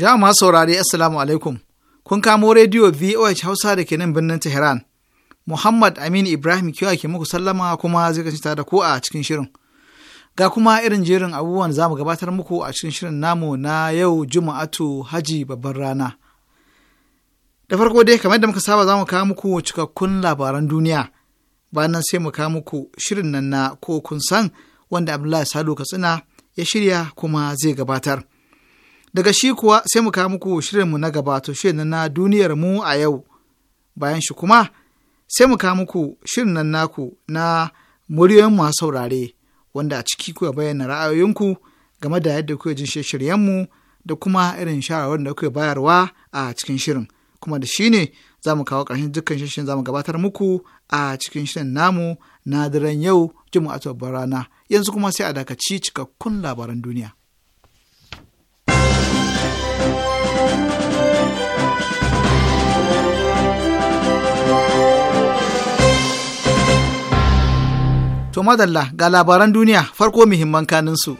Jama'a masu saurare Assalamu alaikum. Kun kamo rediyo VOH Hausa da ke nan birnin Tehran. Muhammad Aminu Ibrahim Kiyawa ke muku sallama kuma zai kasance da ku a cikin shirin. Ga kuma irin jerin abubuwan za mu gabatar muku a cikin shirin namu na yau Juma'atu Haji babban rana. Da farko dai kamar da muka saba za mu kawo muku cikakkun labaran duniya. Bayan sai mu kawo muku shirin nan na ko kun san wanda Abdullahi Salo Katsina ya shirya kuma zai gabatar. daga shi kuwa sai mu kawo muku shirin mu na gaba to shirin na duniyar mu a yau bayan shi kuma sai mu kawo muku shirin nan naku na muryoyin masu saurare wanda a ciki kuka bayyana ra'ayoyinku game da yadda kuka jin mu, da kuma irin shawarwarin da kuke bayarwa a cikin shirin kuma da shi ne za mu kawo ƙarshen dukkan shirin za mu gabatar muku a cikin shirin namu na daren yau juma'a rana yanzu kuma sai a dakaci cikakkun labaran duniya. To madalla ga labaran duniya farko muhimman kaninsu.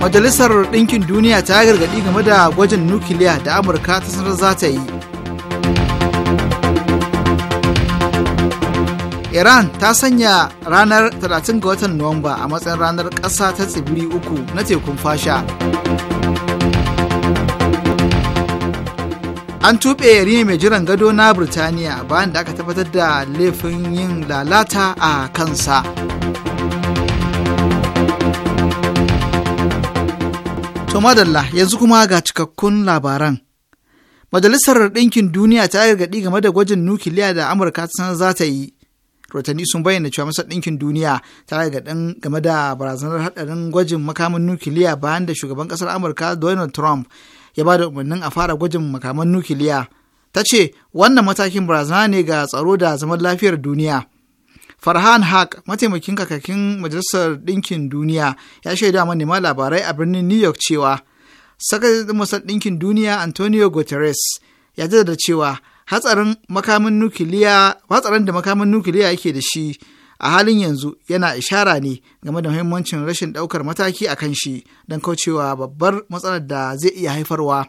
Majalisar Ɗinkin Duniya ta gargaɗi game da gwajin nukiliya da Amurka ta sanar za ta yi. Iran ta sanya ranar 30 ga watan Nuwamba a matsayin ranar ƙasa ta tsibiri uku na tekun fasha. an tuɓe rini mai jiran gado na birtaniya bayan da aka tabbatar da laifin yin lalata a kansa to madalla yanzu kuma ga cikakkun labaran majalisar ɗinkin duniya ta gargaɗi game da gwajin nukiliya da amurka ta za ta yi rotani sun bayyana cewa masa ɗinkin duniya ta gargaɗin game da barazanar haɗarin gwajin makamin nukiliya bayan da shugaban ƙasar amurka donald trump ya ba da umarnin a fara gwajin makaman nukiliya ta ce wannan matakin barazana ne ga tsaro da zaman lafiyar duniya farhan haq mataimakin kakakin majalisar ɗinkin duniya ya shaida manema labarai a birnin new york cewa sakatattun masar ɗinkin duniya antonio guterres ya jaddada cewa hatsarin hatsarin da makamin nukiliya yake da shi a halin yanzu yana ishara ne game da muhimmancin rashin ɗaukar mataki a kan shi don kaucewa babbar matsalar da zai iya haifarwa.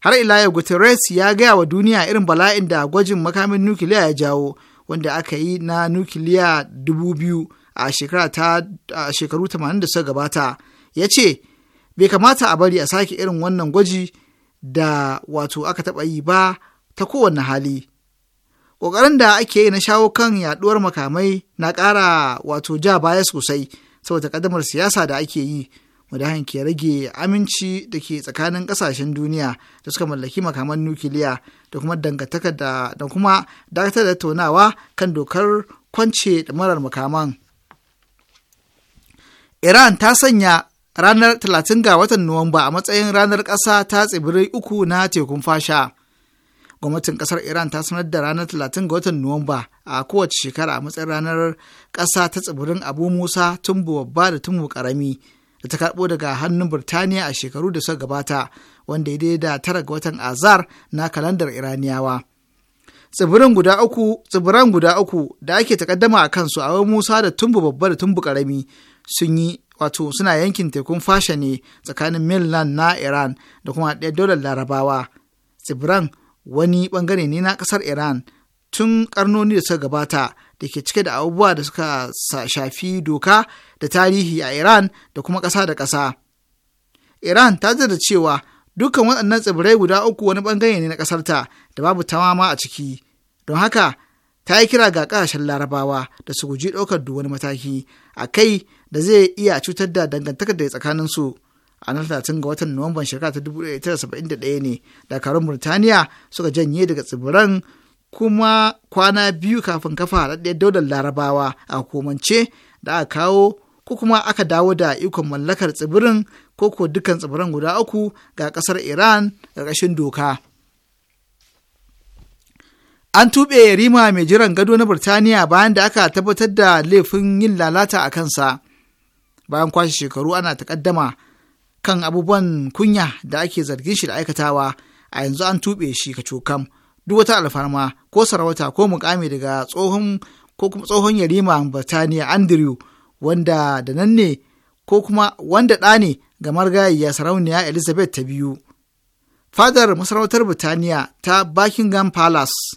Har ila yau Guterres ya gaya wa duniya irin bala'in da gwajin makamin nukiliya ya jawo wanda aka yi na nukiliya dubu biyu a shekaru 80 da suka gabata. Ya ce, bai kamata a bari a sake irin wannan gwaji da wato aka taɓa yi ba ta kowane hali. ƙoƙarin da ake yi na shawo kan yaɗuwar makamai na ƙara wato ja baya sosai saboda ƙaddamar siyasa da ake yi wanda ke rage aminci da ke tsakanin ƙasashen duniya da suka mallaki makaman nukiliya da kuma dangantakar da kuma dakatar da tonawa kan dokar kwance da marar makaman. Iran ta sanya ranar 30 ga watan Nuwamba a matsayin ranar ƙasa ta tsibirai uku na tekun fasha. gwamnatin kasar iran ta sanar da ranar 30 ga watan nuwamba a kowace shekara a matsayin ranar kasa ta tsibirin abu musa tumbu babba da tumbu karami da ta karbo daga hannun birtaniya a shekaru da suka gabata wanda ya da tara ga watan azar na kalandar iraniyawa tsibirin guda uku tsibiran guda uku da ake takaddama a kansu a musa da tumbu babba da tumbu karami sun yi wato suna yankin tekun fasha ne tsakanin mainland na Iran da kuma ɗaya daular larabawa. Tsibiran wani bangare ne na kasar Iran tun karnoni da suka gabata da ke cike da abubuwa da suka shafi doka da tarihi a Iran da kuma ƙasa da ƙasa. Iran ta da cewa dukkan waɗannan tsibirai guda uku wani bangare ne na ƙasarta da babu tamama a ciki. Don haka ta yi kira ga ƙasashen larabawa da su guji ɗaukar duk wani mataki a kai da zai iya cutar da dangantakar da tsakaninsu. su. a ranar 30 ga watan nuwamban shekara ta 1971 ne dakarun burtaniya suka janye daga tsibiran kuma kwana biyu kafin kafa haɗaɗɗiyar daular larabawa a hukumance da aka kawo ko kuma aka dawo da ikon mallakar tsibirin ko ko dukkan tsibiran guda uku ga ƙasar iran ƙarƙashin doka an tuɓe rima mai jiran gado na burtaniya bayan da aka tabbatar da laifin yin lalata a kansa bayan kwashe shekaru ana takaddama kan abubuwan kunya da ake zargin shi da aikatawa a yanzu an tuɓe shi ka cokam duk wata alfarma ko sarauta ko mukami daga tsohon ko kuma tsohon yarima Birtaniya Andrew wanda da nan ne ko kuma wanda ɗa ne ga margayiya sarauniya Elizabeth ta biyu. Fadar masarautar Birtaniya ta Buckingham Palace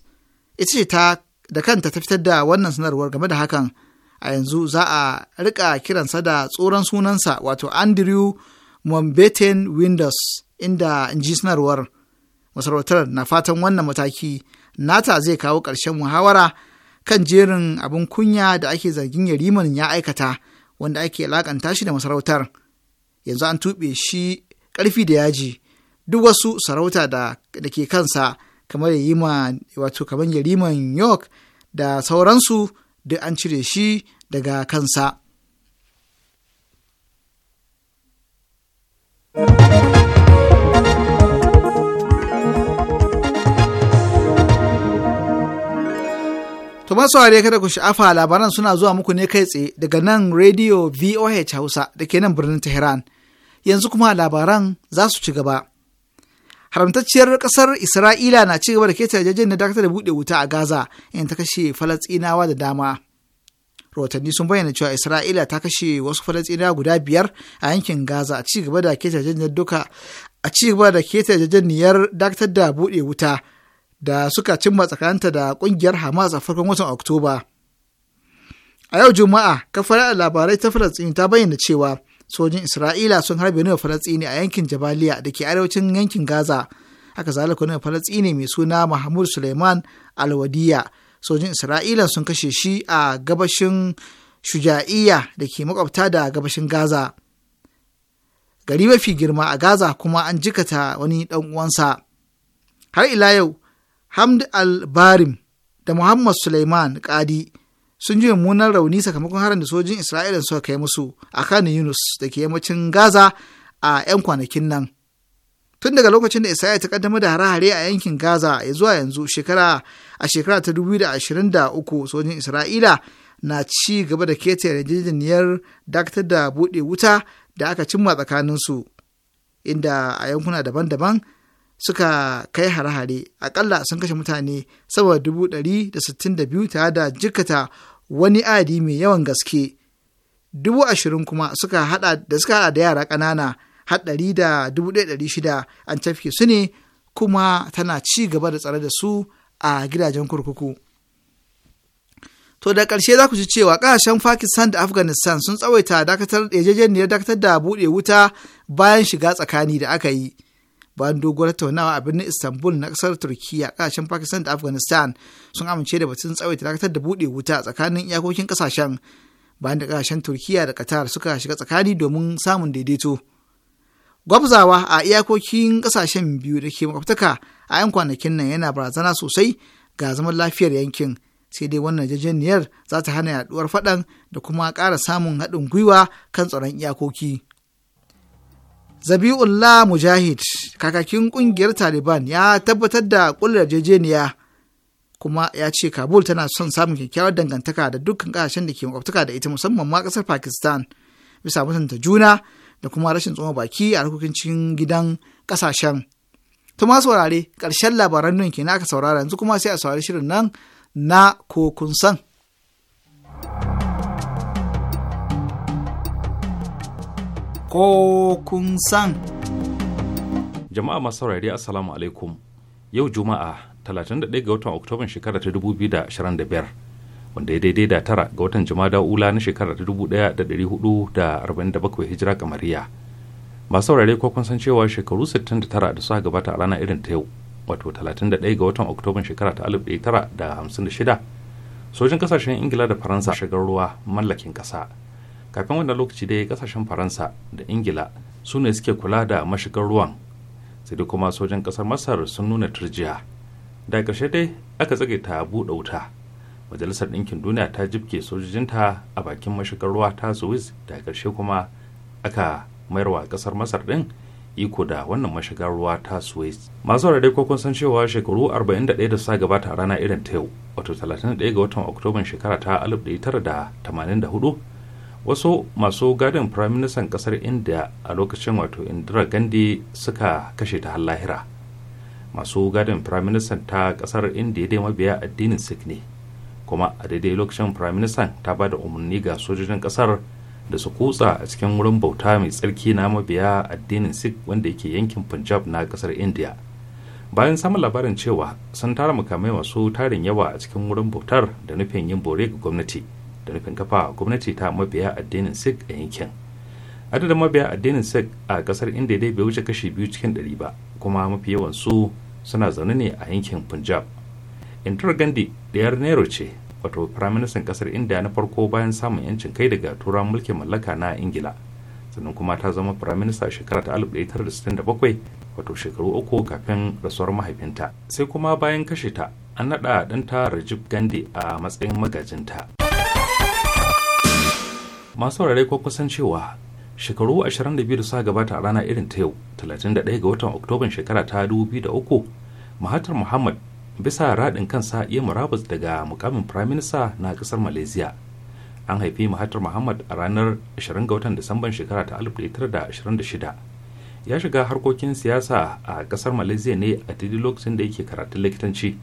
ita ce ta da kanta ta fitar da wannan sanarwar game da hakan a yanzu za a rika kiransa da tsoron sunansa wato Andrew mombeten Windows inda in sanarwar masarautar na fatan wannan mataki nata zai kawo ƙarshen muhawara kan jerin abin kunya da ake zargin yariman ya aikata wanda ake alakanta shi da masarautar yanzu an tuɓe shi ƙarfi da yaji duk wasu sarauta da ke kansa kamar wato kamar yariman york da sauransu duk an cire shi daga kansa To masu kada ku sha'afa labaran suna zuwa muku ne kai tsaye daga nan Radio VOH Hausa da ke nan birnin Tehran. Yanzu kuma labaran za su ci gaba. Haramtacciyar ƙasar Isra'ila na ci gaba da keta da dakatar da buɗe wuta a Gaza in ta kashe Falasɗinawa da dama. rahotanni sun bayyana cewa isra'ila ta kashe wasu falastina guda biyar a yankin gaza a cigaba da keta duka a cigaba da keta niyar dakatar da buɗe wuta da suka cimma tsakaninta da kungiyar hamas a farkon watan oktoba a yau juma'a kafar labarai ta falastin ta bayyana cewa sojin isra'ila sun harbe nuna falastini a yankin jabaliya da ke arewacin yankin gaza haka zalika nuna falasini mai suna mahmud suleiman alwadiya sojin isra'ila sun kashe shi a gabashin shuja'iya da ke makwabta da gabashin gaza gari mafi girma a gaza kuma an jikata wani ɗan uwansa har ila yau hamd al-barim da muhammad suleiman kadi sun ji mummunan rauni sakamakon harin da sojin isra'ila suka kai musu a kan yunus da ke yammacin gaza a 'yan kwanakin nan tun daga lokacin da Isra'ila ta kaddamar da hare-hare a yankin Gaza ya zuwa yanzu shekara a shekara ta 2023 sojin Isra'ila na ci gaba da keta yarjejeniyar dakatar da buɗe wuta da aka cimma tsakanin su inda a yankuna daban-daban suka kai hare-hare akalla sun kashe mutane sama dubu ɗari da sittin da tare da jikata wani adi mai yawan gaske dubu ashirin kuma suka hada da suka hada da yara ƙanana haɗari da dubu ɗaya ɗari shida an tafke su ne kuma tana ci gaba da tsare da su a gidajen kurkuku. To da ƙarshe za ku ci cewa ƙasashen Pakistan da Afghanistan sun tsawaita dakatar yarjejeniyar dakatar da buɗe wuta bayan shiga tsakani da aka yi. Bayan doguwar tattaunawa a birnin Istanbul na ƙasar Turkiyya, ƙasashen Pakistan da Afghanistan sun amince da batun tsawaita dakatar da buɗe wuta tsakanin iyakokin ƙasashen. Bayan da ƙasashen Turkiyya da Qatar suka shiga tsakani domin samun daidaito. gwabzawa a iyakokin ƙasashen biyu da ke makwabtaka a 'yan kwanakin nan yana barazana sosai ga zaman lafiyar yankin sai dai wannan yarjejeniyar za ta hana yaduwar faɗan da kuma ƙara samun haɗin gwiwa kan tsaron iyakoki. Zabi'ullah Mujahid, kakakin ƙungiyar Taliban ya tabbatar da ƙullar yarjejeniya kuma ya ce Kabul tana son samun kyakkyawar dangantaka da dukkan ƙasashen da ke makwabtaka da ita musamman ma kasar Pakistan. Bisa mutunta juna da kuma rashin tsoma baki a harkokin cikin gidan ƙasashen. Tuma ma saurare ƙarshen labaran nan kenan aka saurara yanzu kuma sai a saurari shirin nan na ko kun san. Ko kun san. Jama'a masu saurari Assalamu alaikum. Yau Juma'a 31 ga watan Oktoban shekara ta 2025. wanda ya daidai da tara ga watan jumada ula na shekarar 1447 hijira kamariya masu saurare ko kun san cewa shekaru 69 da suka gabata a rana irin ta yau wato 31 ga watan oktoban shekara ta alif da shida. sojin kasashen ingila da faransa shigar ruwa mallakin ƙasa. kafin wannan lokaci dai kasashen faransa da ingila su ne suke kula da mashigar ruwan sai dai kuma sojin kasar masar sun nuna turjiya da ƙarshe dai aka tsage ta buɗe wuta majalisar ɗinkin duniya ta jibke sojojinta a bakin mashigar ruwa ta suez da ƙarshe kuma aka mayarwa ƙasar masar ɗin iko da wannan mashigar ruwa ta suez masu rarrai ko kun san cewa shekaru 41 da sa gabata a rana irin ta yau wato 31 ga watan oktoban shekara ta 1984 wasu masu gadin firaministan ƙasar india a lokacin wato indira gandhi suka kashe ta har lahira masu gadin firaministan ta ƙasar india dai mabiya addinin sikh ne kuma a daidai lokacin prime minister ta ba da umarni ga sojojin kasar da su kutsa a cikin wurin bauta mai tsarki na mabiya addinin sikh wanda yake yankin punjab na kasar india bayan samun labarin cewa sun tara makamai masu tarin yawa a cikin wurin bautar da nufin yin bore ga gwamnati da nufin kafa gwamnati ta mabiya addinin sikh a yankin adadin mabiya addinin sikh a kasar india dai bai wuce kashi biyu cikin ɗari ba kuma mafi yawan su suna zaune ne a yankin punjab indira gandhi ɗayar nero ce wato firaministan ƙasar india na farko bayan samun yancin kai daga turan mulkin mallaka na ingila sannan kuma ta zama firaminista shekara ta 1967 wato shekaru uku kafin rasuwar mahaifinta sai kuma bayan kashe ta an naɗa ɗanta rajiv gandhi a matsayin magajinta masu rarrai ko kusan cewa shekaru 22 da suka gabata a rana irin ta yau 31 ga watan oktoban shekara ta 2003 mahatar muhammad bisa raɗin kansa iya murabus daga mukamin firaminista na ƙasar malaysia an haifi mahatar muhammad a ranar 20 ga watan disamban shekara ta 1926 ya shiga harkokin siyasa a ƙasar malaysia ne a tidi lokacin da yake karatun likitanci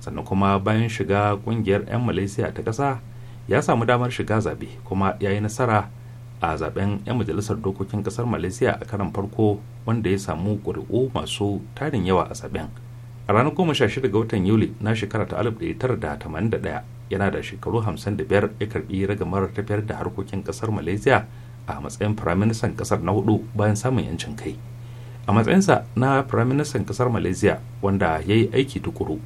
sannan kuma bayan shiga ƙungiyar 'yan malaysia ta ƙasa ya samu damar shiga zabe kuma ya yi nasara a zaben 'yan majalisar dokokin ƙasar malaysia a karan farko wanda ya samu ƙuri'u masu tarin yawa a zaben. a ranar goma sha shida ga watan yuli na shekara ta alif tara da tamanin da ɗaya yana da shekaru hamsin da biyar ya karɓi ragamar tafiyar da harkokin ƙasar malaysia a matsayin firaministan ƙasar na hudu bayan samun yancin kai a matsayinsa na firaministan ƙasar malaysia wanda ya yi aiki tukuru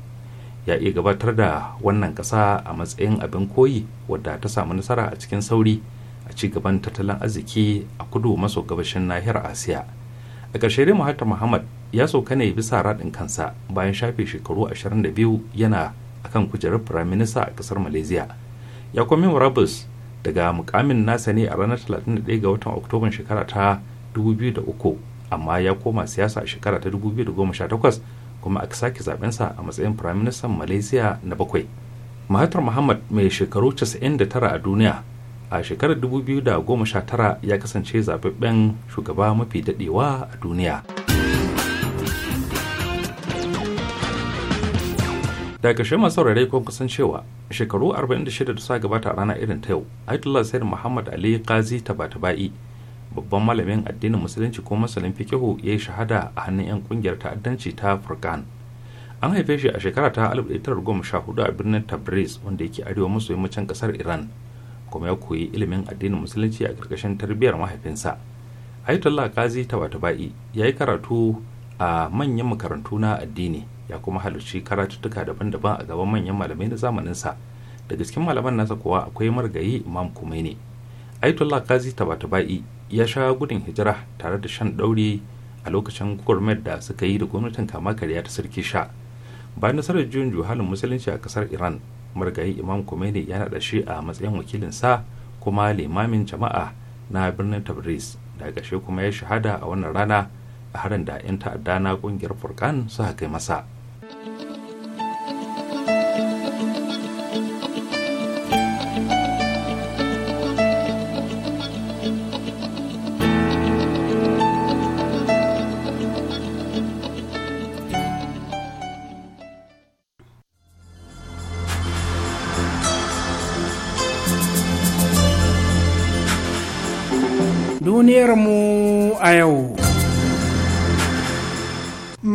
ya iya gabatar da wannan ƙasa a matsayin abin koyi wadda ta samu nasara a cikin sauri a ci gaban tattalin arziki a kudu maso gabashin nahiyar asiya a ƙarshe dai muhammad ya sauka ne sa raɗin kansa bayan shafe shekaru 22 yana a kan kujerar firaminista a ƙasar malaysia ya komi murabus daga mukamin nasa ne a ranar 31 ga watan oktoban shekara ta 2003 amma ya koma siyasa a shekara ta 2018 kuma aka sake zabensa a matsayin firaministan malaysia na bakwai mahatar muhammad mai shekaru 99 a duniya a shekarar 2019 ya kasance zababben shugaba mafi dadewa a duniya. daga shi masu saurare kun kusan cewa shekaru 46 da sa gabata a rana irin ta yau aitullah sayar Muhammad Ali Qazi Tabatabai babban malamin addinin musulunci ko masalin fikihu ya yi shahada a hannun 'yan kungiyar ta'addanci ta furkan an haife shi a shekara ta 1914 a birnin Tabriz wanda yake arewa maso yammacin kasar Iran kuma ya koyi ilimin addinin musulunci a ƙarƙashin tarbiyyar mahaifinsa aitullah Qazi Tabatabai ya yi karatu a manyan makarantu na addini ya kuma halarci karatuttuka daban-daban a gaban manyan malamai na zamaninsa daga cikin malaman nasa kuwa akwai margayi imam kumaini aitullah kazi tabatabai ya sha gudun hijira tare da shan ɗauri a lokacin gwamnati da suka yi da gwamnatin kama karya ta sarki sha bayan nasarar juyin juhalin musulunci a kasar iran margayi imam kumaini ya naɗa shi a matsayin wakilinsa kuma limamin jama'a na birnin tabriz da ƙarshe kuma ya shahada a wannan rana a harin da 'yan ta'adda na ƙungiyar furkan suka kai masa duniyarmu a yau.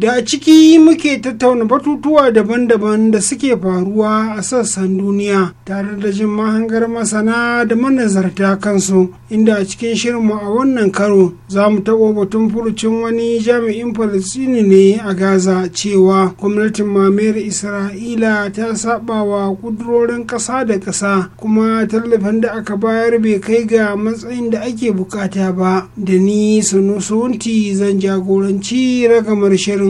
da a ciki muke tattauna batutuwa daban-daban da suke faruwa a sassan duniya tare da jin mahangar masana da manazarta kansu inda a cikin shirinmu a wannan karo za mu taɓo batun furucin wani jami'in falistini ne a gaza cewa gwamnatin mamayar isra'ila ta saba wa kudurorin ƙasa da ƙasa kuma tallafin da aka bayar bai kai ga matsayin da ake bukata ba da ni sanusunti zan jagoranci ragamar shirin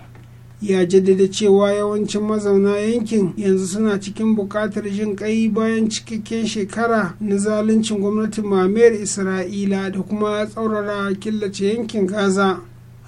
ya jaddada cewa yawancin mazauna yankin yanzu suna cikin buƙatar jin kai bayan cikakken shekara na zaluncin gwamnatin mamayar isra'ila da kuma tsaurara killace yankin gaza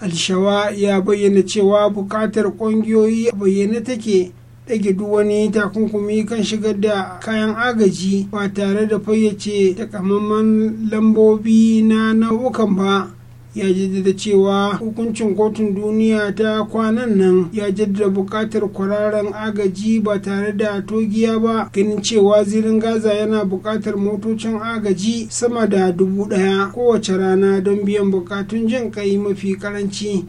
alshawa ya bayyana cewa buƙatar ƙungiyoyi a bayyane take ɗage duk wani takunkumi kan shigar da kayan agaji ba tare da fayyace takamaiman lambobi na nau'ukan ba ya jaddada cewa hukuncin kotun duniya ta kwanan nan ya jaddada buƙatar kwararren agaji ba tare da togiya ba ganin cewa zirin gaza yana buƙatar motocin agaji sama da dubu ɗaya kowace rana don biyan bukatun jin kai mafi karanci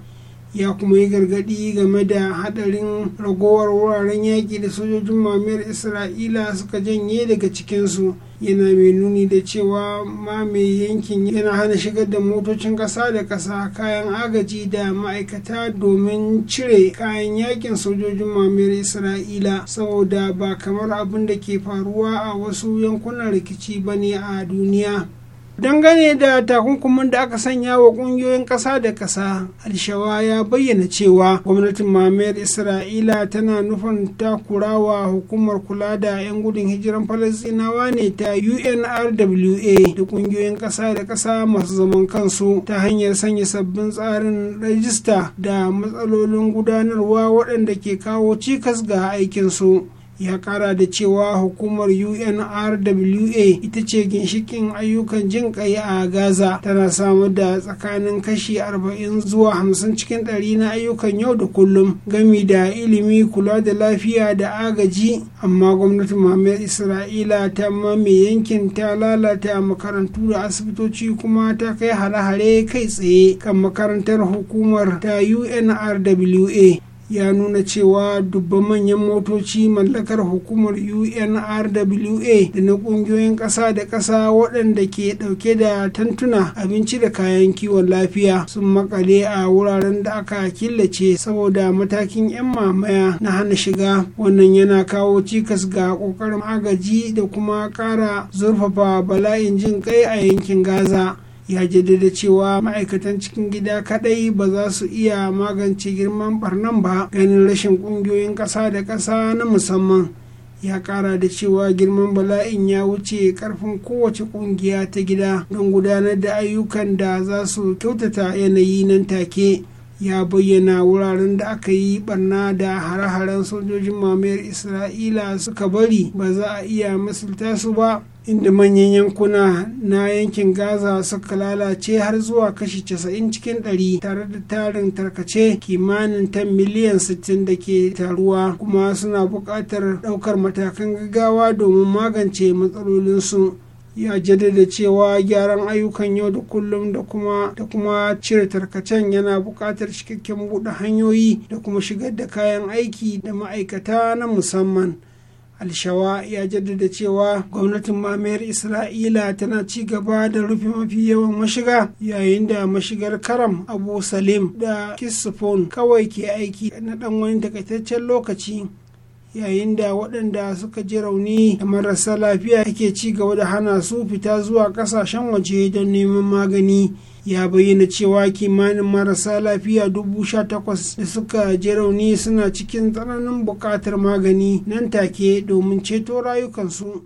ya kuma yi gargaɗi game da haɗarin ragowar wuraren yaƙi da sojojin mamayar isra'ila suka janye daga cikinsu yana mai nuni da cewa ma mai yankin yana hana shigar da motocin ƙasa da ƙasa kayan agaji da ma'aikata domin cire kayan yakin sojojin mamayar isra'ila saboda ba kamar abin da ke faruwa a wasu yankunan rikici bane a duniya dangane da takunkumin da aka sanya wa kungiyoyin ƙasa da ƙasa alshawa ya bayyana cewa gwamnatin mamayar isra'ila tana nufin takurawa hukumar kula da 'yan gudun hijiran falasinawa ne ta unrwa da kungiyoyin ƙasa da ƙasa masu zaman kansu ta hanyar sanya sabbin tsarin rajista da matsalolin gudanarwa waɗanda ke kawo cikas ga aikinsu ya kara da cewa hukumar unrwa ita ce ginshikin ayyukan jin kai a gaza tana samar da tsakanin kashi 40 zuwa 50 cikin ɗari na ayyukan yau da kullum gami da ilimi kula da lafiya da agaji amma gwamnatin muhammad isra'ila ta mame yankin ta lalata makarantu da asibitoci kuma ta kai hare-hare kai tsaye kan makarantar hukumar ta unrwa ya nuna cewa dubban manyan motoci mallakar hukumar unrwa da na kungiyoyin ƙasa da ƙasa waɗanda ke ɗauke da tantuna abinci da kayan kiwon lafiya sun makale a wuraren da aka killace saboda matakin 'yan mamaya na hana shiga wannan yana kawo cikas ga ƙoƙarin agaji da kuma ƙara zurfafa bala'in jin kai a yankin gaza ya jaddada cewa ma'aikatan cikin gida kadai ba za su iya magance girman barnan ba ganin rashin kungiyoyin ƙasa da ƙasa na musamman ya kara da cewa girman bala'in ya wuce karfin kowace kungiya ta gida don gudanar da ayyukan da za su kyautata yanayi nan take ya bayyana wuraren da aka yi barna da hare-haren sojojin mamayar isra'ila suka bari ba za a iya misalta su ba inda manyan yankuna na yankin gaza suka lalace har zuwa kashi 90 cikin 100 tare da tarin tarkace kimanin 10 miliyan 60 da ke taruwa kuma suna buƙatar ɗaukar matakan gaggawa domin magance matsalolinsu ya jaddada cewa gyaran ayyukan yau da kullum da kuma da kuma cire tarkacen yana buƙatar cikakken buɗe hanyoyi da kuma shigar da kayan aiki da ma'aikata na musamman alshawa ya jaddada cewa gwamnatin mamayar isra'ila tana ci gaba da rufe mafi yawan mashiga yayin da mashigar karam abu salim da kisifon kawai ke aiki na ɗan wani takaitaccen lokaci yayin da waɗanda suka ji rauni da marasa lafiya ake ci gaba da hana su fita zuwa ƙasashen waje don neman magani ya bayyana cewa kimanin marasa lafiya dubu sha takwas da suka ji rauni suna cikin tsananin buƙatar magani nan take domin ceto rayukansu.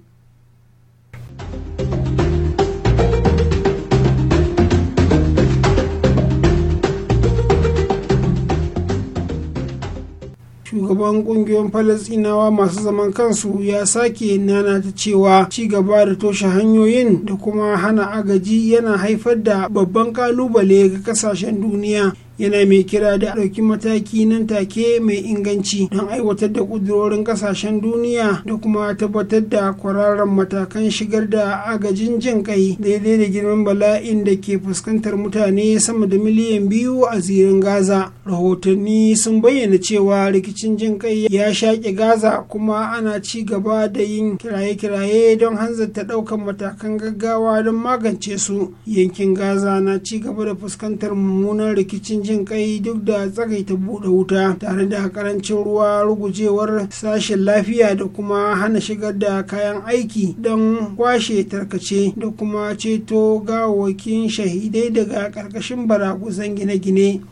shugaban kungiyoyin falasinawa masu zaman kansu ya sake nana ta cewa ci gaba da toshe hanyoyin da kuma hana agaji yana haifar da babban kalubale ga kasashen duniya yana mai kira da ɗauki mataki nan take mai inganci don aiwatar da ƙudurorin ƙasashen duniya da kuma tabbatar da kwararan matakan shigar da agajin jin kai daidai da girman bala'in da ke fuskantar mutane sama da miliyan biyu a zirin gaza rahotanni sun bayyana cewa rikicin jin kai ya shaƙe gaza kuma ana ci gaba da yin kiraye-kiraye don hanzarta ɗaukar matakan gaggawa don magance su yankin gaza na ci gaba da fuskantar mummunan rikicin jin kai duk da tsagaita buɗe wuta tare da karancin ruwa rugujewar sashen lafiya da kuma hana shigar da kayan aiki don kwashe tarkace da kuma ceto gawakin shahidai daga ƙarƙashin baraguzan gine-gine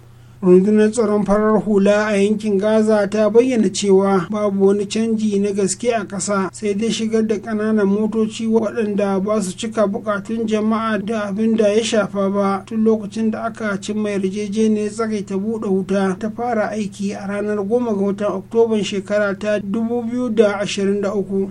rundunar tsaron farar hula a yankin gaza ta bayyana cewa babu wani canji na gaske a ƙasa sai dai shigar da ƙananan motoci waɗanda ba su cika buƙatun jama'a da abin da ya shafa ba tun lokacin da aka cin cimma yarjejeniyar ta buɗe wuta ta fara aiki a ranar 10 ga watan oktoban shekara ta 2023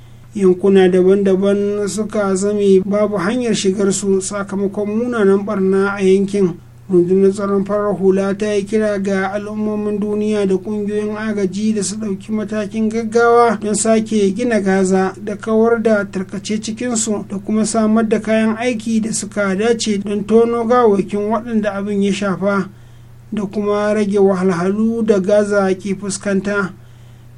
yankuna daban-daban suka zame babu hanyar shigarsu sakamakon munanan barna a yankin rundunar tsaron farar hula ta yi kira ga al'ummomin duniya da kungiyoyin agaji da su ɗauki matakin gaggawa don sake gina gaza da kawar da tarkace cikinsu da kuma samar da kayan aiki da suka dace don tono gawakin waɗanda abin ya shafa da kuma rage wahalhalu da gaza ke fuskanta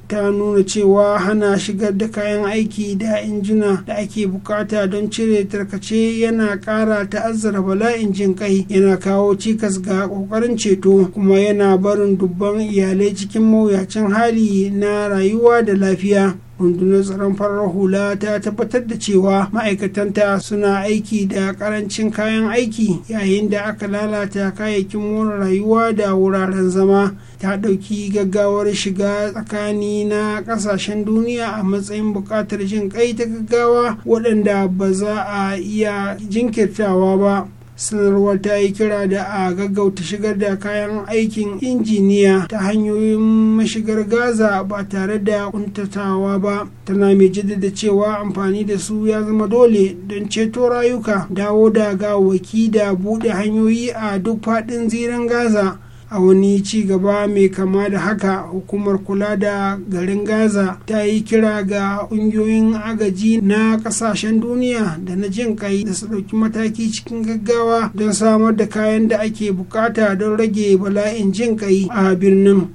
ta nuna cewa hana shigar da kayan aiki da injina da ake bukata don cire tarkace yana kara ta'azzara bala'in jin kai yana kawo cikas ga kokarin ceto kuma yana barin dubban iyalai cikin mawuyacin hali na rayuwa da lafiya rundunar tsaron farar hula ta tabbatar da cewa ma'aikatanta suna aiki da karancin kayan aiki yayin da aka lalata kayayyakin more rayuwa da wuraren zama ta ɗauki gaggawar shiga tsakani na ƙasashen duniya a matsayin buƙatar jin kai ta gaggawa waɗanda ba za a iya jinkirtawa ba sanarwar ta yi kira da a gaggauta shigar da kayan aikin injiniya ta hanyoyin mashigar gaza ba tare da kuntatawa ba tana mai jaddada cewa amfani da su ya zama dole don ceto rayuka dawo da gawaki da buɗe hanyoyi a duk faɗin zirin gaza a wani ci gaba mai kama da haka hukumar kula da garin gaza ta yi kira ga ƙungiyoyin agaji na ƙasashen duniya da na jin kai da su ɗauki mataki cikin gaggawa don samar da kayan da ake bukata don rage bala'in jin kai a birnin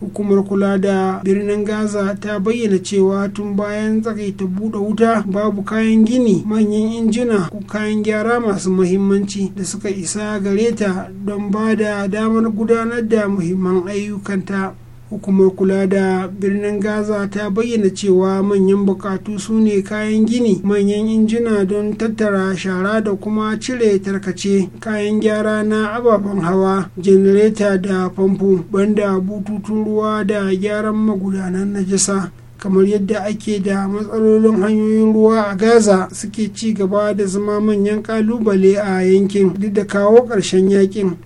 hukumar kula da birnin gaza ta bayyana cewa tun bayan ta buɗe wuta babu kayan gini manyan injina ko kayan gyara masu muhimmanci da suka isa gare ta don ba da damar gudanar da muhimman ayyukanta hukumar kula da birnin gaza ta bayyana cewa manyan bukatu su ne kayan gini manyan injina don tattara shara da kuma cire tarkace kayan gyara na ababen hawa janareta da famfo banda bututun ruwa da gyaran magudanan najasa kamar yadda ake da matsalolin hanyoyin ruwa a gaza suke ci gaba da zama manyan kalubale a yankin duk da kawo ƙarshen yakin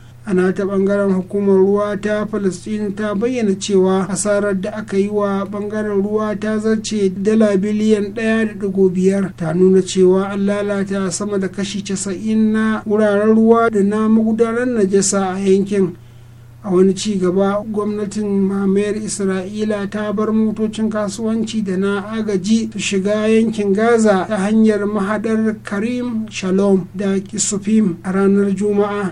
a nata bangaren hukumar ruwa ta palestine ta bayyana cewa hasarar da aka yi wa bangaren ruwa ta zarce dala biliyan ɗaya da dugu biyar ta nuna cewa an lalata sama da kashi casa'in na wuraren ruwa da na magudanar najasa a yankin a wani ci gaba gwamnatin mamayar isra'ila ta bar motocin kasuwanci da na agaji su shiga yankin gaza ta hanyar mahadar karim shalom da kisufim a ranar juma'a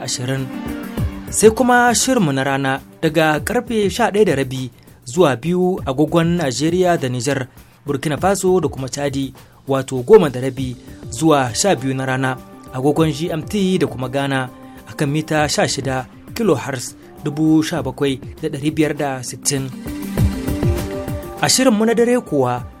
ashirin sai kuma shirmu na rana daga karfe rabi zuwa biyu agogon Najeriya da Nijar Burkina Faso da kuma Chadi wato goma da rabi zuwa sha biyu na rana agogon GMT da kuma Ghana a kan mita 16 kilohertz 17,560 a shirinmu na dare kuwa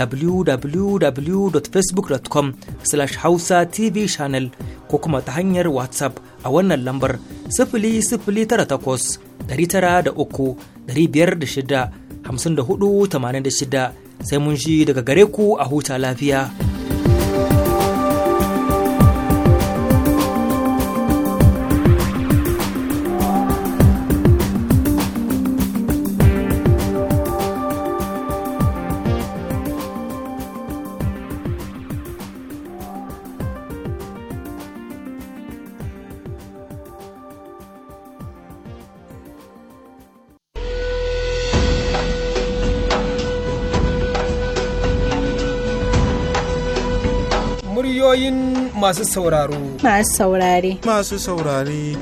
www.facebook.com slash hausa tv channel ko kuma ta hanyar whatsapp a wannan lambar sifili sifili da takwas tara biyar 506 shida sai mun shi daga gare ku a huta lafiya. masu sauraro. Masu saurare. Masu saurare.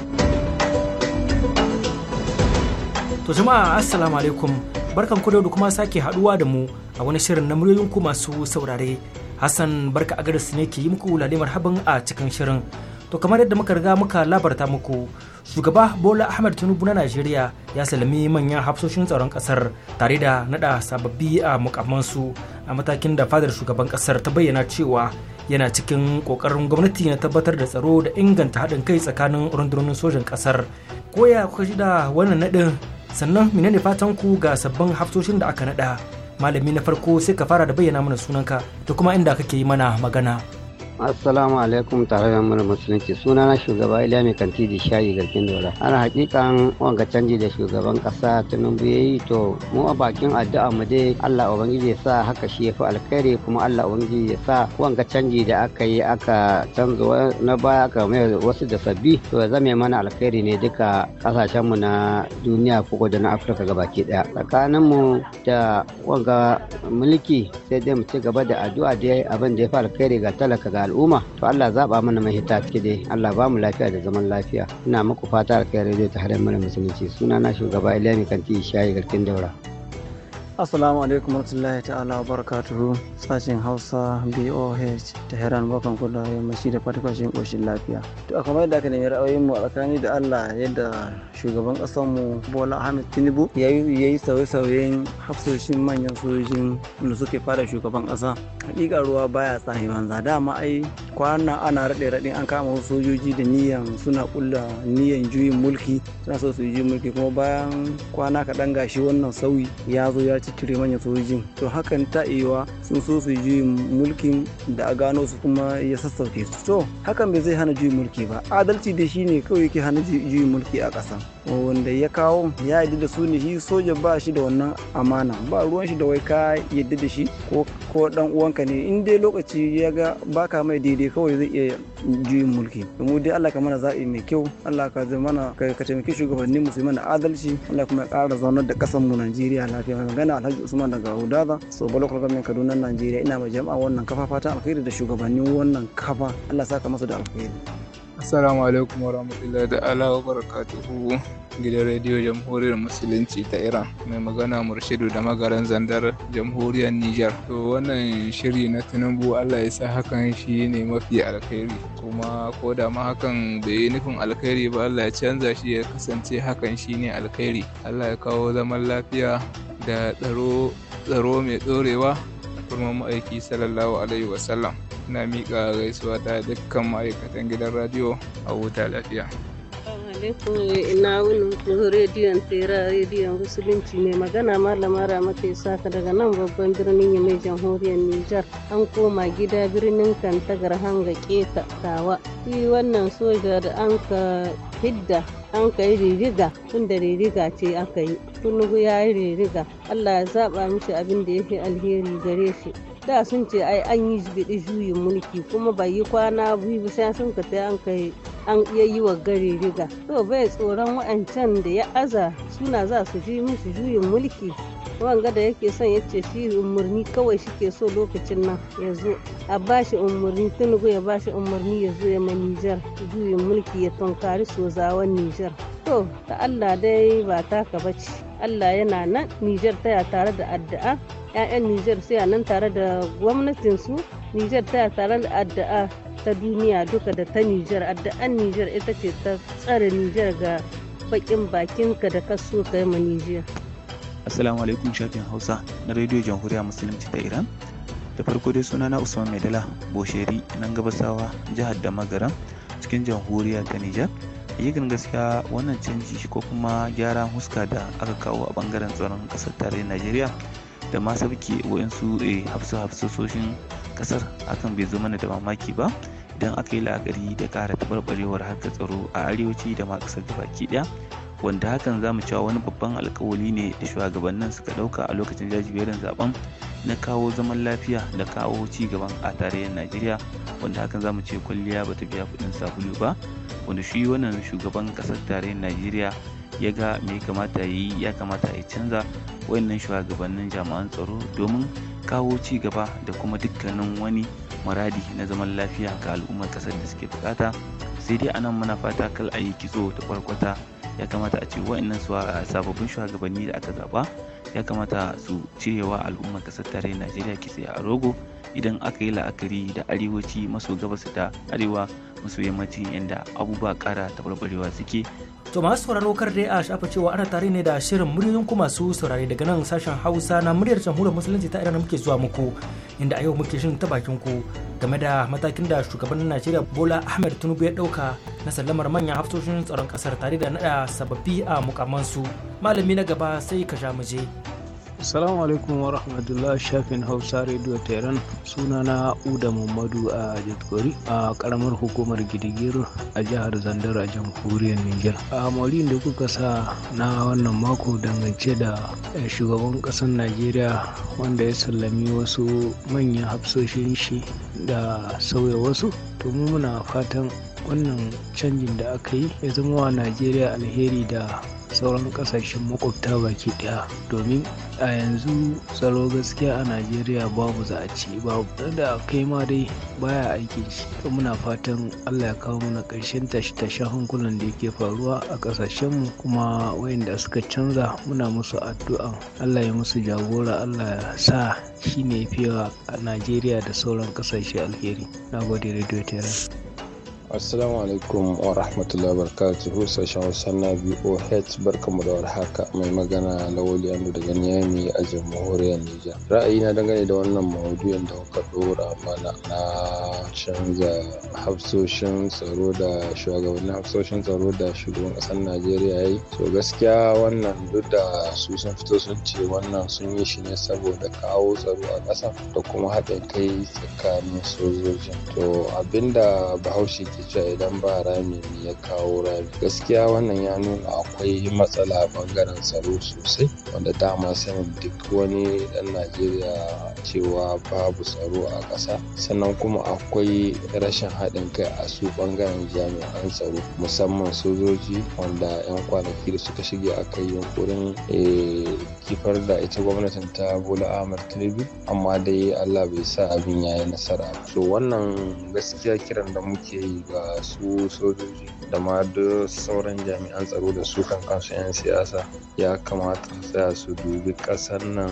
To jama'a assalamu alaikum barkan ku da kuma sake haduwa da mu a wani shirin na muryoyin ku masu saurare. Hassan barka agaris ne ke yi muku lale marhaban a cikin shirin. To kamar yadda muka riga muka labarta muku shugaba Bola Ahmed Tinubu na Najeriya ya salami manyan hafsoshin tsaron kasar tare da nada sababbi a mukamansu a matakin da fadar shugaban kasar ta bayyana cewa yana cikin kokarin gwamnati na tabbatar da tsaro da inganta haɗin kai tsakanin rundunonin sojan ƙasar koya kuka ji da wannan naɗin sannan menene fatan ku ga sabbin haftocin da aka naɗa malami na farko sai ka fara da bayyana mana sunanka da kuma inda kake yi mana magana assalamu alaikum tare da mura musulunci suna na shugaba ila mai kanti da shayi garkin dora ana hakikan wanga canji da shugaban kasa tinubu ya yi to mu a bakin addu'a mu dai allah ubangiji ya sa haka shi ya fi alkhairi kuma allah ubangiji ya sa wanga canji da aka yi aka canza na baya aka mai wasu da sabbi to ya zame mana alkhairi ne duka kasashen mu na duniya ko da na afirka gabaki daya tsakanin mu da wanga mulki sai dai mu ci gaba da addu'a dai abin da ya fi alkhairi ga talaka ga al'umma to Allah zaba mana hita take dai Allah ba mu lafiya da zaman lafiya ina muku fata alkhairi da ta mana musulunci suna na shugaba Ilyani Kanti Shayi Garkin Daura Assalamu alaikum warahmatullahi ta'ala barakatuhu sashen Hausa BOH ta Heran Bakan Kuda yammaci da Fatakwashin ƙoshin lafiya. To a kuma yadda aka nemi ra'ayoyinmu a tsakani da Allah yadda shugaban ƙasarmu Bola Ahmed Tinubu ya yi sauye-sauyen hafsoshin manyan sojojin da suke fara shugaban ƙasa. Hakika ruwa baya tsaye banza dama ai kwana ana raɗe raɗe an kama wasu sojoji da niyan suna ƙulla niyan juyin mulki suna so su yi mulki kuma bayan kwana kaɗan gashi wannan sauyi ya zo ya ciccire manyan sojojin to hakan ta iya sun so su juyin mulkin da a gano su kuma ya sassauke su to hakan bai zai hana juyin mulki ba adalci da shi ne kawai yake hana juyin mulki a ƙasa wanda ya kawo ya yi da su ne shi soja ba shi da wannan amana ba ruwan shi da wai ka yadda da shi ko ko dan uwanka ne in dai lokaci ya ga baka mai daidai kawai zai iya juyin mulki mu dai Allah ka mana zaɓi mai kyau Allah ka zama mana ka taimaki shugabannin musulman da adalci Allah kuma ya ƙara zaunar da ƙasar mu Najeriya lafiya magana Alhaji Usman daga Hudaza so ba lokal Kaduna Najeriya ina ma jama'a wannan kafa fatan alkhairi da shugabannin wannan kafa Allah saka masa da alkhairi Assalamu alaikum wa rahmatullahi da ala wa barakatuhu gidan rediyo jamhuriyar musulunci ta Iran mai magana Murshidu da magaran zandar jamhuriyar Nijar. To wannan shiri na Tinubu Allah ya sa hakan shi ne mafi alkhairi kuma ko da ma hakan bai yi nufin alkhairi ba Allah ya canza shi ya kasance hakan shi ne alkhairi. Allah ya kawo zaman lafiya da tsaro mai ɗorewa kuma ma'aiki sallallahu alaihi wasallam. na miƙa gaisuwa ta dukkan ma'aikatan gidan radiyo a huta lafiya. alaikum ina wunin ku rediyon tera rediyon musulunci mai magana malama ramata ya saka daga nan babban birnin yamai jamhuriyar nijar an koma gida birnin kantagar hanga keta tawa shi wannan soja da an ka hidda an ka yi ririga tun da ririga ce aka yi tunugu ya yi ririga allah ya zaba mishi abin da fi alheri gare shi da sun ce ai an yi biɗi juyin mulki kuma bai yi kwana biyu sai sun ka an kai an iya yi wa gari riga to bai tsoron wa'ancan da ya aza suna za su ji musu juyin mulki wanga da yake son ya ce shi umarni kawai shike so lokacin nan ya zo a bashi umarni tunugu ya bashi umarni ya zo ya ma nijar juyin mulki ya tunkari sozawan nijar to ta allah dai ba taka bace Allah yana nan Nijar taya tare da addu'a 'ya'yan Nijar sai nan tare da gwamnatin su Nijar taya tare da addu'a ta duniya duka da ta Nijar addu'an Nijar ita ce ta tsare Nijar ga bakin bakinka da ka so ka yi ma Nijar. Assalamu alaikum shafin Hausa na rediyo Jamhuriya Musulunci ta Iran. Da farko dai suna na Usman Maidala Bosheri nan gabasawa jihar da cikin jamhuriya ta Nijar. hakikan gaskiya wannan canji ko kuma gyaran huska da aka kawo a bangaren tsaron kasar tarayyar najeriya da ma sauke wa'insu eh, hafsu soshin kasar akan bai zo mana da mamaki ba idan aka yi la'akari da kara tabarbarewar harkar tsaro a arewaci da ma kasar gabaki ɗaya wanda hakan za zamu cewa wani babban alkawali ne da shugabannin suka ɗauka a lokacin jajiberin zaben na kawo zaman lafiya da kawo ci gaban a tarayyar najeriya wanda hakan za mu ce kwalliya ba ta biya kuɗin sabulu ba wanda shi wannan shugaban ƙasar tarayyar najeriya ya ga me kamata ya yi ya kamata ya canza wayannan shugabannin jami'an tsaro domin kawo ci gaba da kuma dukkanin wani muradi na zaman lafiya ga al'ummar ƙasar da suke bukata sai dai anan muna fata kal a yi kitso ta kwarkwata ya kamata a ce wa'annan sabbin sababbin shugabanni da aka zaba ya kamata su cirewa al'ummar kasar tarayyar najeriya kitse a rogo idan aka yi la'akari da arewaci maso gabas da arewa maso yammacin yadda abubuwa kara taɓarɓarewa suke To masu sauraro kar dai a shafa cewa ana tare ne da shirin muryoyin ku masu saurare daga nan sashen Hausa na muryar jamhuriyar musulunci ta Iran muke zuwa muku inda a yau muke shirin ta bakin ku game da matakin da shugaban Najeriya Bola Ahmed Tinubu ya dauka na sallamar manyan haftoshin tsaron kasar tare da naɗa sababbi a mukamansu. Malami na gaba sai ka sha mu je. Assalamu alaikum wa rahmatullah shafin Hausa Radio Tehran suna na Uda Muhammadu a Jadkori a karamar hukumar Gidigir a jihar Zandar a jamhuriyar Niger. A maulin da kuka sa na wannan mako dangance da eh, shugaban ƙasar Najeriya wanda ya sallami wasu manyan hafsoshin shi da sauya wasu, to mu muna fatan wannan canjin da aka yi ya zama wa Najeriya alheri da sauran kasashen makwabta baki daya domin a yanzu tsaro gaskiya a najeriya babu za a ce babu da kai ma dai baya aiki shi muna fatan allah ya kawo mana ƙarshen tashe-tashen hankulan da yake faruwa a ƙasashenmu kuma wayanda suka canza muna musu addu'a allah ya musu jagora allah ya sa shine fiye a najeriya da sauran kasashe alheri na gode radio Assalamu alaikum wa rahmatullahi wa barakatuhu sashen Hausa na BOH barkamu da warhaka mai magana Lawali Ando daga Niyami a jamhuriyar Nijar. Ra'ayina dangane da wannan maudu'in da kuka dora mana na canza hafsoshin tsaro da shugabannin hafsoshin tsaro da shugaban ƙasar Najeriya yayi. To gaskiya wannan duk da su sun fito sun ce wannan sun yi shi ne saboda kawo tsaro a ƙasa da kuma haɗin kai tsakanin sojojin. To abinda Bahaushe ke cewa idan ba rami me ya kawo rami gaskiya wannan ya nuna akwai matsala a bangaren tsaro sosai wanda dama sanin duk wani dan najeriya cewa babu tsaro a ƙasa sannan kuma akwai rashin haɗin kai a su bangaren jami'an tsaro musamman sojoji wanda 'yan kwanaki da suka shige aka yi yunkurin eh, kifar da ita gwamnatin ta bola ahmad tinubu amma dai allah bai sa abin ya yi nasara so wannan gaskiya kiran da muke yi ga su sojoji da ma duk sauran jami'an tsaro da su kan kansu 'yan siyasa ya kamata su tsaya su dubi kasar nan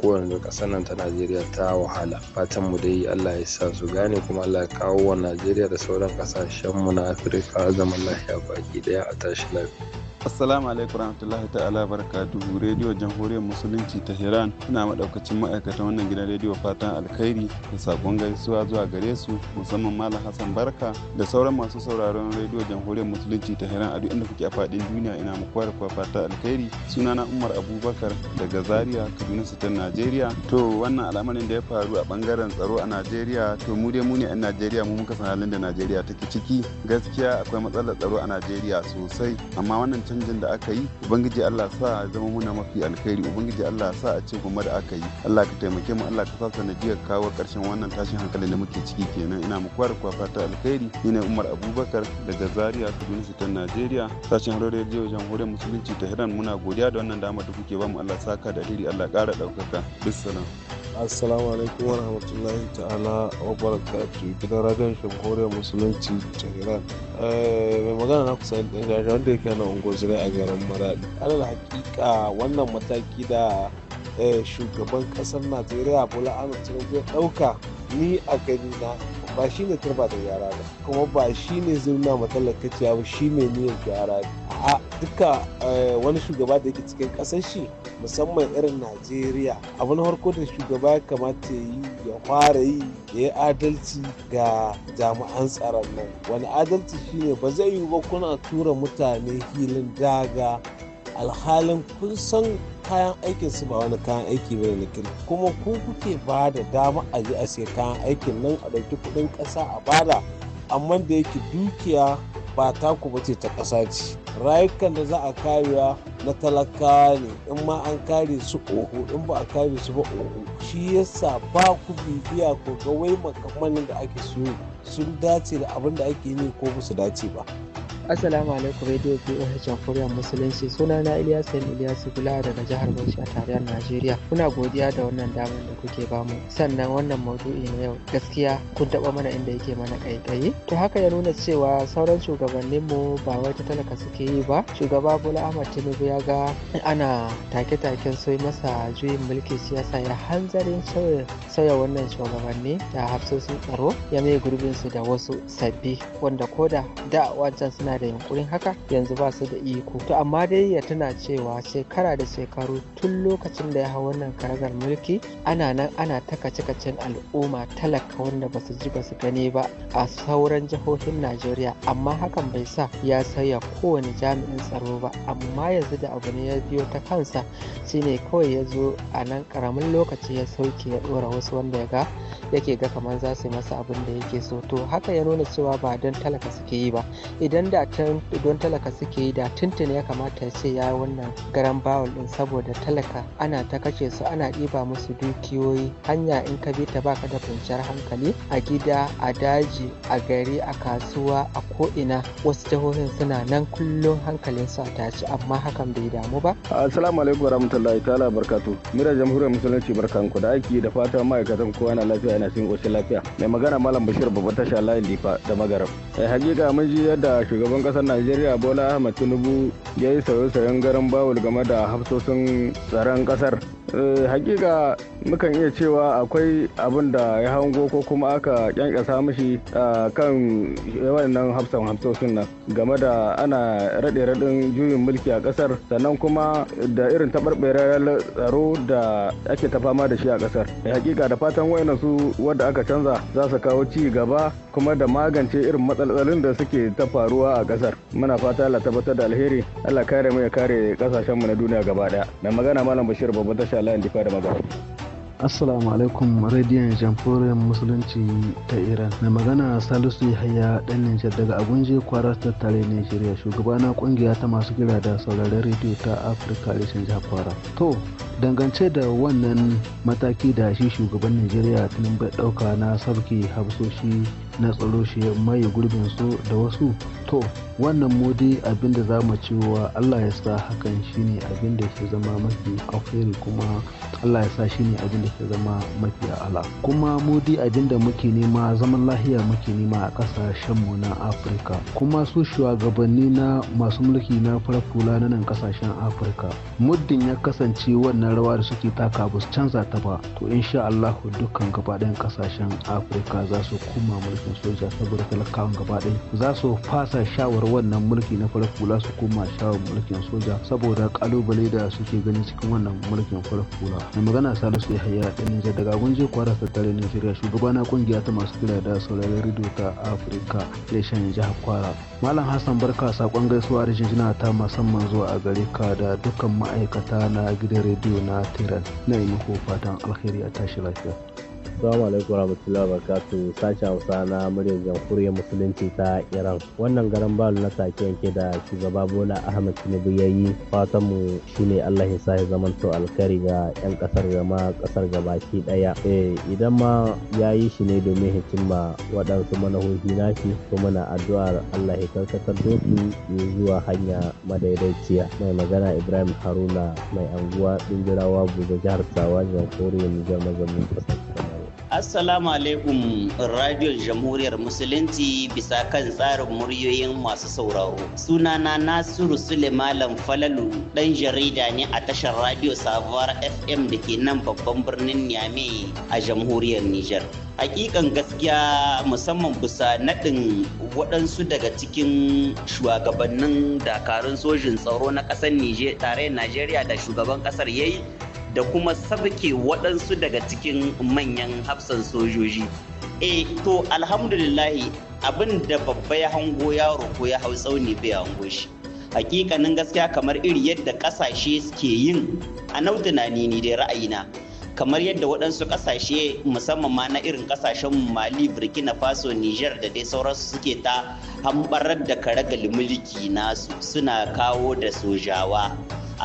kowane kasar nan ta najeriya ta wahala fatan mu dai allah ya sa su gane kuma allah ya kawo wa najeriya da sauran kasashen mu na afirka zaman lafiya baki daya a tashi lafiya Assalamu alaikum rahmatullahi ta'ala duhu rediyo Jamhuriyar Musulunci ta Iran ina maɗaukacin ma'aikatan wannan gidan rediyo fatan alkhairi da sakon gaisuwa zuwa gare su musamman Malam Hassan Barka da sauran masu sauraron rediyo Jamhuriyar Musulunci ta Iran a duk inda kuke a fadin duniya ina muku kuwa fata alkhairi na Umar Abubakar daga Zaria Kaduna sitan Najeriya to wannan al'amarin da ya faru a bangaren tsaro a Najeriya to mu dai mu ne 'yan Najeriya mu muka san halin da Najeriya take ciki gaskiya akwai matsalar tsaro a Najeriya sosai amma wannan canjin da aka yi ubangiji Allah sa a zama muna mafi alkhairi ubangiji Allah sa a ce goma da aka yi Allah ka taimake mu Allah ka sa sanadiyar kawo karshen wannan tashin hankali da muke ciki kenan ina mu kwara kwa fata alkhairi ni ne Umar Abubakar daga Zaria Kaduna ta Najeriya sashen Haro Radio Jamhuriyar Musulunci ta iran muna godiya da wannan dama da kuke ba mu Allah saka da alheri Allah kara ɗaukaka bissalam assalamu alaikum wa rahmatullahi ta'ala wa barakatuh gidan radio jamhuriyar musulunci eh mai magana na kusa da wanda yake na ungozi almajirai a garin maradi alal hakika wannan mataki da eh, shugaban kasar najeriya bola ahmed tinubu ya ɗauka ni a gani na ba shi ne turba da gyara ba kuma ba shi ne zirna matalakaciya ba shi ne niyyar gyara a duka eh, wani shugaba da yake cikin kasar shi musamman irin najeriya abu na farko da shugaba ya kamata ya yi ya fara yi ya yi adalci ga jami'an tsaron nan wani adalci shine ba zai yi ba kuna tura mutane hilin daga alhalin kun san kayan aikin su ba wani kayan aiki bane na kirki kuma ku kuke ba da dama a je a sai kayan aikin nan a ɗauki kuɗin ƙasa a bada amma da yake dukiya ba taku ba ce ta ƙasa ce rayukan da za a kariya na talaka ne in ma an kare su oho in ba a kare su ba oho shi yasa ba ku bibiya ko ga wai makamanin da ake so sun dace da abin da ake yi ko ba su dace ba Assalamu alaikum Radio POH korea Musulunci suna na Ilyas Ilyasu Bula daga jihar Bauchi a tarayyar Najeriya. Kuna godiya da wannan damar da kuke ba mu? Sannan wannan maudu'i na yau gaskiya kun taɓa mana inda yake mana kaikayi. To haka ya nuna cewa sauran shugabannin mu ba wai ta talaka suke yi ba. Shugaba Bola Ahmad Tinubu ya ga ana take-taken soyi masa juyin mulkin siyasa ya hanzarin sauya wannan shugabanni da hafsoshin tsaro ya mai gurbin su da wasu sabbi wanda koda da wancan suna da yunkurin haka yanzu ba su da iko to amma dai ya tuna cewa shekara da shekaru tun lokacin da ya hau wannan karagar mulki ana nan ana ta kace-kacen al'umma talaka wanda ba su ji ba su gani ba a sauran jihohin najeriya amma hakan bai sa ya sauya kowane jami'in tsaro ba amma yanzu da abu ne ya biyo ta kansa shine kawai ya zo a nan karamin lokaci ya sauke ya dora wasu wanda ya ga yake ga kamar za su yi masa abin da yake so to haka ya nuna cewa ba don talaka suke yi ba idan da don talaka suke yi da tuntun ya kamata ce ya wannan garan bawul din saboda talaka ana ta kashe su ana ɗiba musu dukiyoyi hanya in ka bi ta baka da kwanciyar hankali a gida a daji a gari a kasuwa a ko'ina wasu jihohin suna nan kullum hankalin su a tashi amma hakan bai damu ba assalamu alaikum warahmatullahi ta'ala barkatu mira jamhuriyar musulunci barkanku da aiki da fatan ma'aikatan kowa na lafiya na sun ƙoshin lafiya mai magana malam bashir babba tasha layin difa da magarab a eh, hakika mun ji yadda shugaban ƙasar najeriya bola ahmad tinubu ya yi sauye-sauyen garin bawul game da hafsosin tsaron ƙasar eh, hakika mukan iya cewa akwai abin da ya hango ko kuma aka kyankyasa mishi kan wannan hafsan hafsosin nan game da ana raɗe-raɗin juyin mulki a ƙasar sannan kuma da irin taɓarɓarar tsaro da ake ta fama da shi a ƙasar eh, hakika da fatan wayannan su wadda aka canza za su kawo ci gaba kuma da magance irin matsalolin da suke ta faruwa a kasar muna fata Allah tabbatar da alheri Allah kare mu ya kare kasashen mu na duniya gaba daya mai magana malam bashir babban tasha Allah difa da magana Assalamu alaikum radiyon jamhuriyar musulunci ta Iran. na magana Salisu Yahaya dan Nijar daga abunje kwarar tattare Nijeriya shugabana kungiya ta masu kira da sauraron rediyo ta Afirka Rishin Jafara. To, dangance da wannan mataki da shi shugaban Nijeriya tunan bai dauka na sabki habsoshi. na tsaro shi maye gurbin su da wasu to wannan modi abinda zamu za mu cewa Allah ya sa hakan shine abinda ke zama mafi alheri kuma Allah ya sa shine abinda ke zama mafi ala kuma mudi abinda muke nema zaman lahiya muke nema a kasashen mu na Afirka kuma su shugabanni na masu mulki na farfula na nan kasashen Afirka muddin ya kasance wannan rawa da suke taka ba su canza ta ba to insha Allah dukkan gabaɗayan kasashen Afirka za su kuma mulki mulkin soja saboda talakawan gaba ɗaya za su fasa shawar wannan mulki na farar kula su koma shawar mulkin soja saboda kalubale da suke gani cikin wannan mulkin farar kula na magana salisu ya haya da nijar daga gunje kwara tattare nigeria na kungiya ta masu kira da sauraron rediyo ta afirka reshen jihar kwara malam hassan barka sakon gaisuwa da jinjina ta musamman zuwa a gare ka da dukkan ma'aikata na gidan rediyo na tiran na yi muku fatan alheri a tashi lafiya Assalamu alaikum warahmatullahi wabarakatuh sashen Hausa na muryar jamhuriyar musulunci ta Iran. Wannan garin balu na take yanke da shugaba Bola Ahmed Tinubu ya yi fatanmu mu shine Allah ya sa ya zamanto alkari ga 'yan kasar da ma kasar gabaki daya. Eh idan ma ya yi shi ne domin hikima waɗansu manahohi shi? kuma muna addu'ar Allah ya karkatar da su zuwa hanya madaidaiciya. Mai magana Ibrahim Haruna mai anguwa Dingirawa Buga jihar Sawa jamhuriyar Nijar mazamin kasar Assalamu alaikum Radio Jamhuriyar Musulunci bisa kan tsarin muryoyin masu sauraro. Sunana Nasiru sulemalam Falalu ɗan jarida ne a tashar Radio Sabuwar FM da ke nan babban birnin Niamey a Jamhuriyar Nijar. Hakikan gaskiya musamman bisa naɗin waɗansu daga cikin shugabannin dakarun sojin tsaro na ƙasar Nijar tare Najeriya da shugaban ƙasar yayi da kuma sabke waɗansu daga cikin manyan hafsan sojoji e to alhamdulillahi abin da babba ya hango yaro ko ya hau tsauni bai hango shi hakikanin gaskiya kamar iri yadda ƙasashe suke yin a nau tunani ne da ra'ayina kamar yadda waɗansu ƙasashe musamman ma na irin ƙasashen mali burkina faso niger da dai sauransu suke ta hambarar da kare mulki nasu suna kawo da sojawa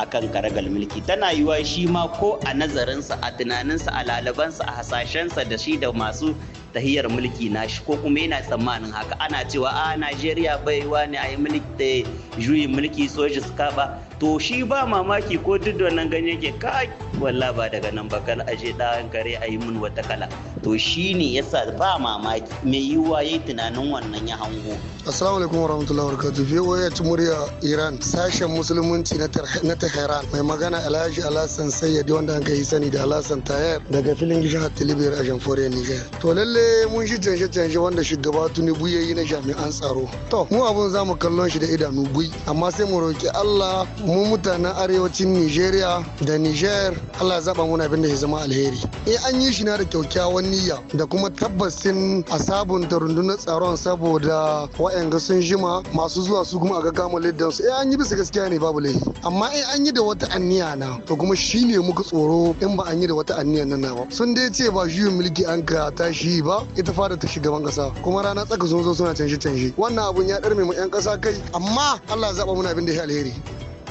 akan karagal mulki tana yiwa shi ma ko a nazarinsa a tunaninsa a lalabansa a hasashensa da shi da masu tahiyar mulki nashi ko kuma yana tsammanin haka ana cewa a Najeriya bai baiwa ne a yi mulki ta juyi mulki soji su kaba to shi ba mamaki ko duk da wannan ganye ke ka walla ba daga nan ba kal aje da kare a yi mun wata kala to shi ne yasa ba mamaki mai yiwuwa ya tunanin wannan ya hango. Assalamu alaikum warahmatullahi wabarakatuh waya ci murya Iran sashen musulunci na Tehran mai magana Alhaji Alhassan Sayyadi wanda an kai sani da Alhassan Tayar daga filin gishin Hatilibiyar a Jamforiyar Nijar. To lalle lalle mun shi canje-canje wanda shugaba Tinubu ya yi na jami'an tsaro. To, mu abun za mu kallon shi da idanu gui, amma sai mu roki Allah mu mutanen arewacin Nijeriya da Niger Allah ya zaba muna abin da ya zama alheri. In an yi shi na da kyakkyawan niyya da kuma tabbasin a sabunta rundunar tsaron saboda wa'yanga sun jima masu zuwa su kuma a ga kama liddan su. In eh, an yi bisa gaskiya ne babu laifi. Amma in an yi da wata anniya na to kuma shi ne muka tsoro in ba an yi da wata anniya nan ba. Sun dai ce ba juyin mulki an ka tashi ba ba ita fada ta shugaban kasa kuma rana tsaka sun zo suna canje canje wannan abun ya darme mu yan kasa kai amma Allah ya zaba muna abin da ya alheri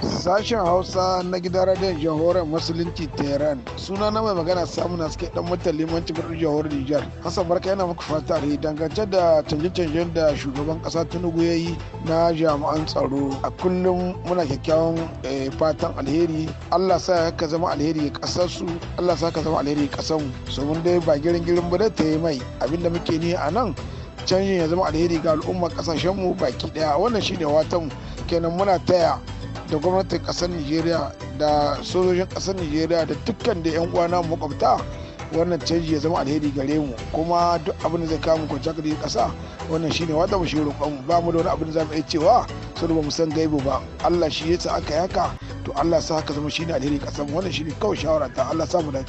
Sashen Hausa na gidan radiyon jamhuriyar Musulunci Tehran. Suna na mai magana samu na suke dan mutan limanci birnin jamhuriyar Nijar. Hassan Barka yana muku fata alheri dangance da canje-canjen da shugaban kasa tunugu ya yi na jami'an tsaro. A kullum muna kyakkyawan eh, fatan alheri. Allah sa ka zama alheri ga kasar su. Allah sa ka zama alheri ga kasar mu. So mun dai ba girin girin ba da ta yi mai. Abinda muke ni a nan canjin ya zama alheri ga al'ummar kasashen mu baki daya wannan shine watan kenan muna taya da gwamnatin kasar Nigeria da sojojin kasar Nigeria da dukkan da yan uwana makwabta wannan canji ya zama alheri gare mu kuma duk abin da zai kawo muku jaka da kasa wannan shine wata mu shi roƙon ba mu da wani abin da za mu iya cewa sun ba mu san gaibu ba Allah shi yasa aka yaka to Allah sa haka zama shine alheri kasar wannan shine kawai shawara ta Allah sa mu dace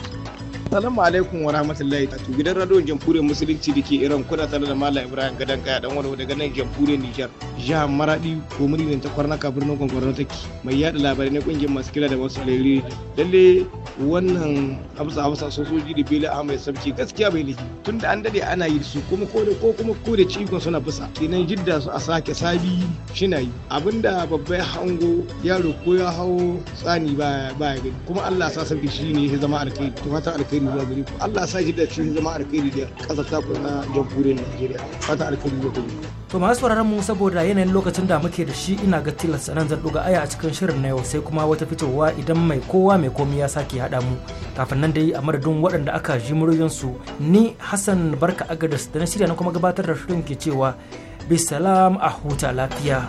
Assalamu alaikum wa rahmatullahi tu gidan radio jamhuriyar musulunci da ke Iran kuna tare da Malam Ibrahim Gadan Kaya dan wani daga nan jamhuriyar Nijar. Ja Maradi ko ne ta kwarnaka birnin Kwankwaron take mai yada labarai ne kungiyar masu kira da wasu lairi. Lalle wannan hafsa hafsa sojoji da Bela Ahmed Sabki gaskiya bai liki tunda an dade ana yi su kuma ko da ko kuma ko da cikon suna busa. kenan jidda su a sake sabi shina yi abinda babba ya hango yaro ko ya hawo tsani ba ba kuma Allah ya sa sabki shine ya zama alkai to fatan alkai alkhairi zuwa gare ku Allah sa shi da shi zama alkhairi da ƙasar ta ku na jamhuriyar Najeriya fata alkhairi zuwa gare ku to masu sauraron mu saboda yanayin lokacin da muke da shi ina ga tilas nan zan duga aya a cikin shirin na yau sai kuma wata fitowa idan mai kowa mai komai ya sake hada mu kafin nan dai a madadin waɗanda aka ji su ni Hassan Barka Agadas da na shirya na kuma gabatar da shirin ke cewa bisalam a huta lafiya.